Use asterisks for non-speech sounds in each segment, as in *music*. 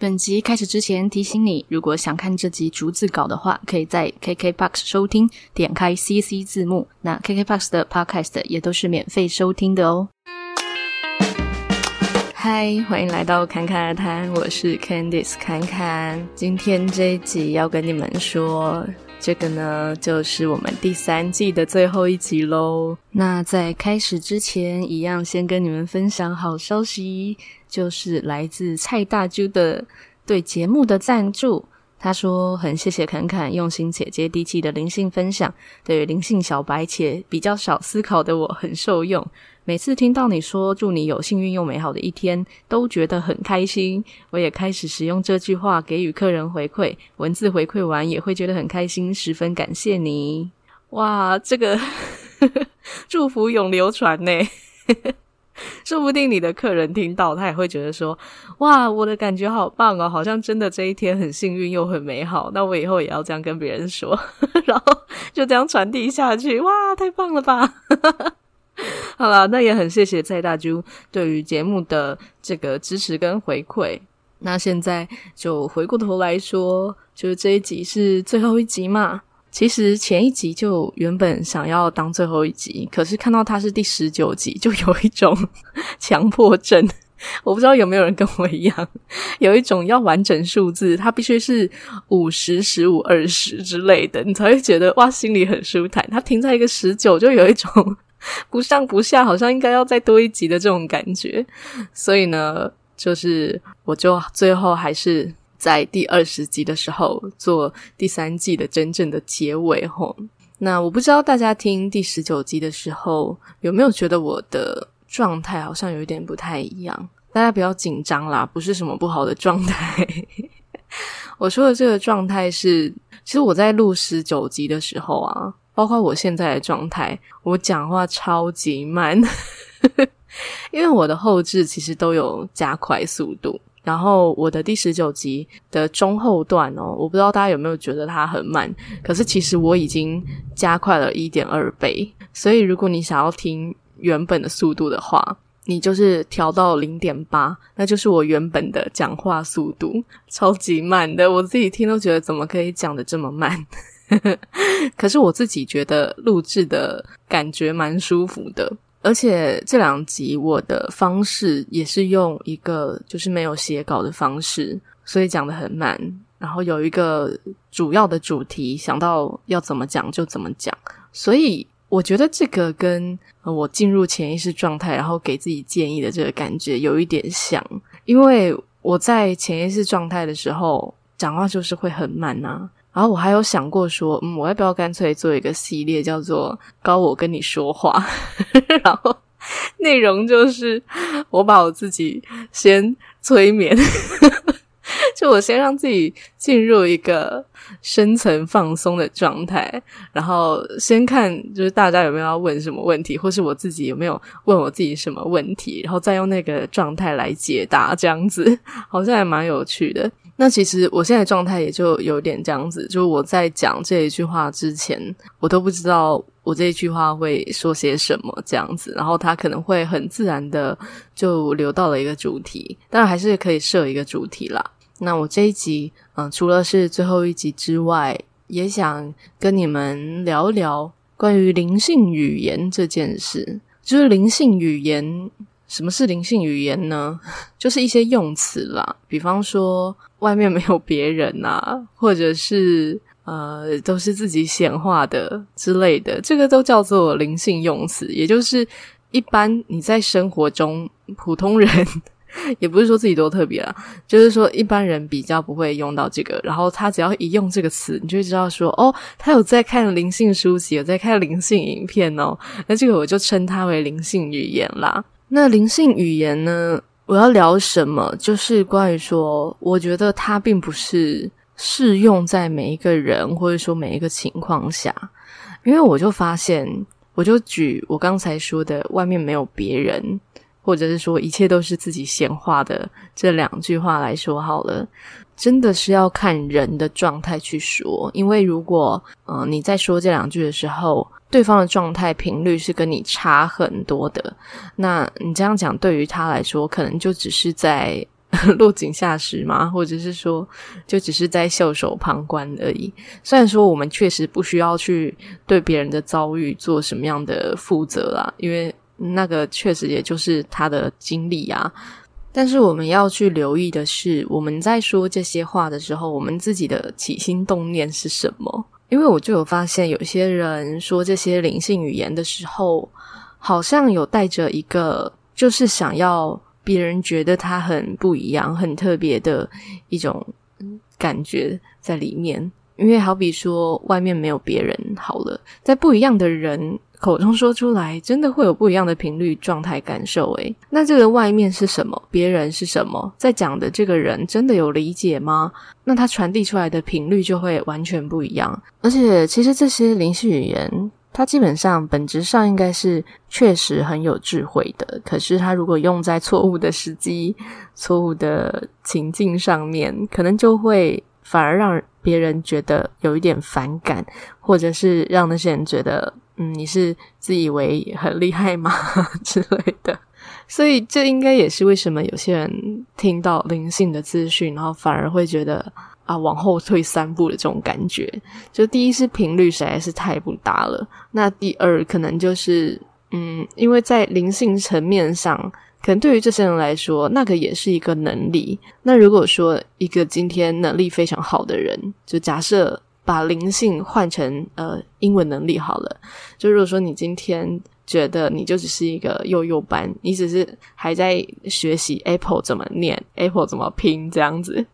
本集開始之前，提醒你，如果想看這集逐字稿的話，可以在 KKBOX 收聽，點開 CC 字幕。那 KKBOX 的 podcast 也都是免費收聽的哦。嗨，歡迎來到侃侃而談，我是 Candice 侃侃。今天這一集要跟你們說，這個呢就是我們第三季的最後一集嘍。那在開始之前，一樣先跟你們分享好消息。就是來自蔡大揪的對節目的贊助，他說很謝謝侃侃用心且接地氣的靈性分享，對於靈性小白且比較少思考的我很受用。每次聽到你說祝你有幸運又美好的一天，都覺得很開心。我也開始使用這句話給予客人回饋，文字回饋完也會覺得很開心，十分感謝你。哇，這個 *laughs* 祝福永流傳呢。 *laughs* 說不定你的客人聽到，他也會覺得說：“哇，我的感覺好棒哦，好像真的這一天很幸運又很美好。”那我以後也要這樣跟別人說，然後就這樣傳遞下去。哇，太棒了吧！ *laughs* 好了，那也很謝謝蔡大豬對於節目的這個支持跟回饋。那現在就回過頭來說，就是這一集是最後一集嘛。其實前一集就原本想要當最後一集，可是看到它是第十九集，就有一種強迫症。我不知道有沒有人跟我一樣，有一種要完整數字，它必須是五十、十五、二十之類的，你才會覺得哇，心裡很舒坦。它停在一個十九，就有一種不上不下，好像應該要再多一集的這種感覺。所以呢，就是我就最後還是。在第二十集的時候，做第三季的真正的結尾吼。那我不知道大家聽第十九集的時候有沒有覺得我的狀態好像有一點不太一樣？大家不要緊張啦，不是什麼不好的狀態。 *laughs* 我說的這個狀態是，其實我在錄十九集的時候啊，包括我現在的狀態，我講話超級慢， *laughs* 因為我的後製其實都有加快速度。然後我的第十九集的中後段哦，我不知道大家有沒有覺得它很慢，可是其實我已經加快了一點二倍。所以如果你想要聽原本的速度的話，你就是調到零點八，那就是我原本的講話速度，超級慢的。我自己聽都覺得怎麼可以講得這麼慢， *laughs* 可是我自己覺得錄制的感覺蠻舒服的。而且這兩集我的方式也是用一個就是沒有寫稿的方式，所以講得很慢。然後有一個主要的主題，想到要怎麼講就怎麼講。所以我覺得這個跟我進入潛意識狀態，然後給自己建議的這個感覺有一點像。因為我在潛意識狀態的時候，講話就是會很慢啊。然後我還有想過說，嗯，我要不要乾脆做一個系列，叫做“高我跟你說話”，呵呵，然後內容就是我把我自己先催眠呵呵，就我先讓自己進入一個深層放鬆的狀態，然後先看就是大家有沒有要問什麼問題，或是我自己有沒有問我自己什麼問題，然後再用那個狀態來解答，這樣子好像還蠻有趣的。那其實我現在狀態也就有點這樣子，就是我在講這一句話之前，我都不知道我這一句話會說些什麼這樣子，然後它可能會很自然的就流到了一個主題，當然還是可以設一個主題啦。那我這一集，嗯、呃，除了是最後一集之外，也想跟你們聊聊關於靈性語言這件事，就是靈性語言。什麼是靈性語言呢？就是一些用詞啦，比方說外面沒有別人啊，或者是呃都是自己顯化的之類的，這個都叫做靈性用詞。也就是一般你在生活中，普通人 *laughs* 也不是說自己多特別啦，就是說一般人比較不會用到這個。然後他只要一用這個詞，你就會知道說哦，他有在看靈性書籍，有在看靈性影片哦。那這個我就稱它為靈性語言啦。那靈性語言呢？我要聊什麼？就是關於說，我覺得它並不是適用在每一個人，或者說每一個情況下，因為我就發現，我就舉我剛才說的，外面沒有別人，或者是說一切都是自己顯化的這兩句話來說好了。真的是要看人的狀態去說，因為如果嗯、呃、你在說這兩句的時候，對方的狀態頻率是跟你差很多的，那你這樣講，對於他來說，可能就只是在落井下石嘛，或者是說就只是在袖手旁觀而已。雖然說我們確實不需要去對別人的遭遇做什麼樣的負責啦，因為那個確實也就是他的經歷啊。但是我們要去留意的是，我們在說這些話的時候，我們自己的起心動念是什麼？因為我就有發現，有些人說這些靈性語言的時候，好像有帶着一個，就是想要別人覺得他很不一樣、很特別的一種感覺在裡面。因為好比說，外面沒有別人，好了，在不一樣的人。口中說出來，真的會有不一樣的頻率、狀態、感受。哎，那這個外面是什麼？別人是什麼？在講的這個人真的有理解嗎？那他傳遞出來的頻率就會完全不一樣。而且，其實這些靈性語言，它基本上本質上應該是確實很有智慧的。可是，它如果用在錯誤的時機、錯誤的情境上面，可能就會反而讓別人覺得有一點反感，或者是讓那些人覺得。嗯，你是自以為很厲害嗎之類的？所以這應該也是為什麼有些人聽到靈性的資訊，然後反而會覺得啊，往後退三步的這種感覺。就第一是頻率實在是太不搭了，那第二可能就是，嗯，因為在靈性層面上，可能對於這些人來說，那個也是一個能力。那如果說一個今天能力非常好的人，就假設。把靈性換成呃英文能力好了。就如果說你今天覺得你就只是一個幼幼班，你只是還在學習 apple 怎麼念，apple 怎麼拼這樣子，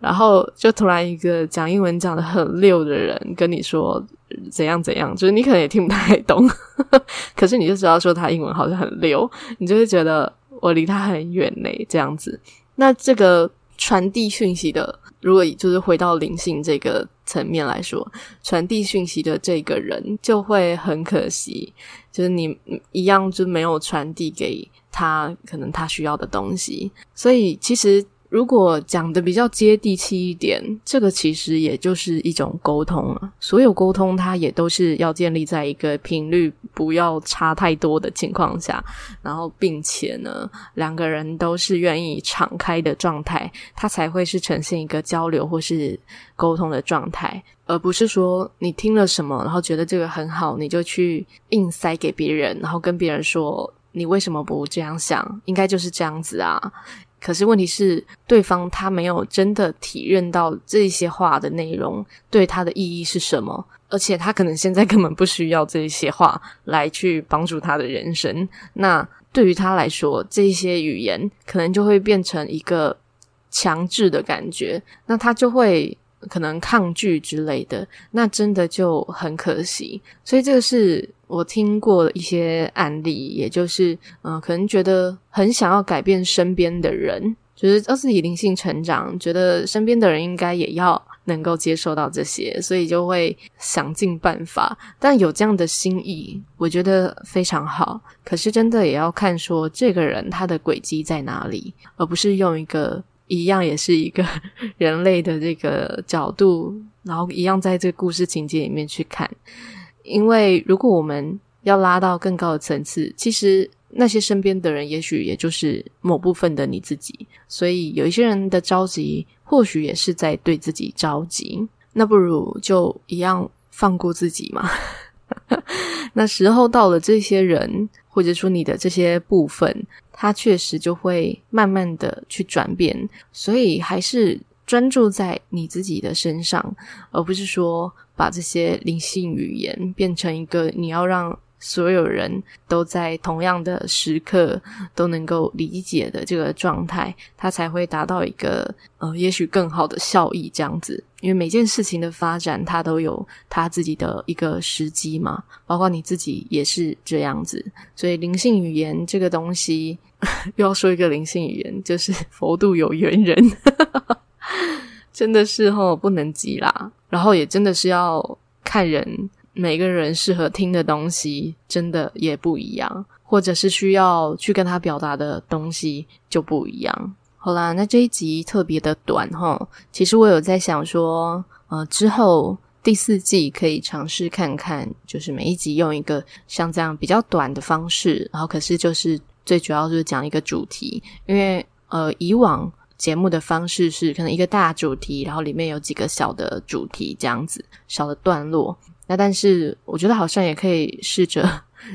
然後就突然一個講英文講得很溜的人跟你說怎樣怎樣，就是你可能也聽不太懂，呵呵，可是你就知道說他英文好像很溜，你就會覺得我離他很遠呢、欸、這樣子。那這個。傳遞訊息的，如果就是回到靈性這個層面來說，傳遞訊息的這個人就會很可惜，就是你一樣就沒有傳遞給他，可能他需要的東西，所以其實。如果講的比較接地氣一點，這個其實也就是一種溝通了。所有溝通，它也都是要建立在一個頻率不要差太多的情況下，然後並且呢，兩個人都是願意敞開的狀態，它才會是呈現一個交流或是溝通的狀態，而不是說你聽了什麼，然後覺得這個很好，你就去硬塞給別人，然後跟別人說你為什麼不這樣想？應該就是這樣子啊。可是問題是，對方他沒有真的體認到這些話的內容對他的意義是什麼，而且他可能現在根本不需要這些話來去幫助他的人生。那對於他來說，這些語言可能就會變成一個強制的感覺，那他就會。可能抗拒之類的，那真的就很可惜。所以這個是我聽過的一些案例，也就是嗯、呃，可能覺得很想要改變身邊的人，覺得讓自己靈性成長，覺得身邊的人應該也要能夠接受到這些，所以就會想盡辦法。但有這樣的心意，我覺得非常好。可是真的也要看說，這個人他的軌跡在哪裡，而不是用一個。一樣也是一個人類的這個角度，然後一樣在這個故事情節裡面去看。因為如果我們要拉到更高的層次，其實那些身邊的人，也許也就是某部分的你自己。所以有一些人的着急，或許也是在對自己着急。那不如就一樣放過自己嘛。 *laughs* 那時候到了，這些人或者說你的這些部分，它確實就會慢慢的去轉變，所以還是專注在你自己的身上，而不是說把這些靈性語言變成一個你要讓。所有人都在同樣的時刻都能夠理解的這個狀態，它才會達到一個呃，也許更好的效益這樣子。因為每件事情的發展，它都有它自己的一個時機嘛。包括你自己也是這樣子，所以靈性語言這個東西，呵呵，又要說一個靈性語言，就是佛度有緣人，哈哈哈，真的是哦，不能急啦。然後也真的是要看人。每個人適合聽的東西真的也不一樣，或者是需要去跟他表達的東西就不一樣。好啦，那這一集特別的短齁，其實我有在想說，呃，之後第四季可以嘗試看看，就是每一集用一個像這樣比較短的方式，然後可是就是最主要就是講一個主題，因為呃以往節目的方式是可能一個大主題，然後裡面有幾個小的主題這樣子，小的段落。那但是我覺得好像也可以試着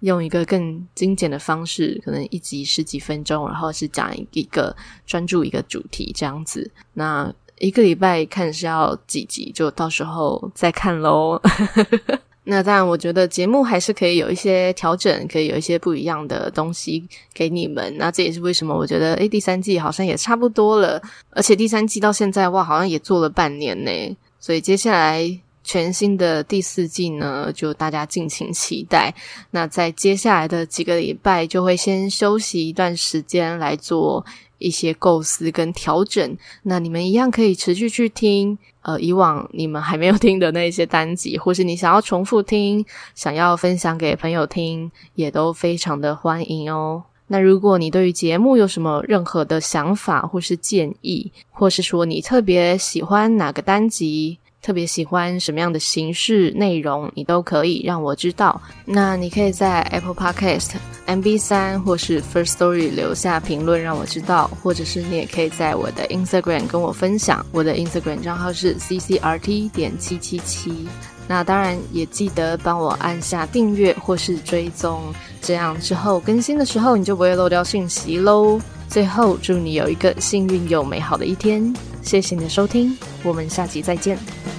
用一個更精簡的方式，可能一集十幾分鐘，然後是講一個專注一個主題這樣子。那一個禮拜看是要幾集，就到時候再看嘍。 *laughs* 那當然，我覺得節目還是可以有一些調整，可以有一些不一樣的東西給你們。那這也是為什麼我覺得，誒，第三季好像也差不多了，而且第三季到現在哇，好像也做了半年欸。所以接下來。全新的第四季呢，就大家敬請期待。那在接下來的幾個禮拜，就會先休息一段時間來做一些構思跟調整。那你們一樣可以持續去聽，呃，以往你們還沒有聽的那些單集，或是你想要重複聽、想要分享給朋友聽，也都非常的歡迎哦。那如果你對於節目有什麼任何的想法，或是建議，或是說你特別喜歡哪個單集，特別喜歡什麼樣的形式內容，你都可以讓我知道。那你可以在 Apple Podcast、MB3 或是 Firstory 留下評論讓我知道，或者是你也可以在我的 Instagram 跟我分享。我的 Instagram 賬號是 ccrt 點七七七。那當然也記得幫我按下訂閱或是追蹤，這樣之後更新的時候你就不會漏掉訊息嘍。最後，祝你有一個幸運又美好的一天。謝謝你的收聽，我們下集再見。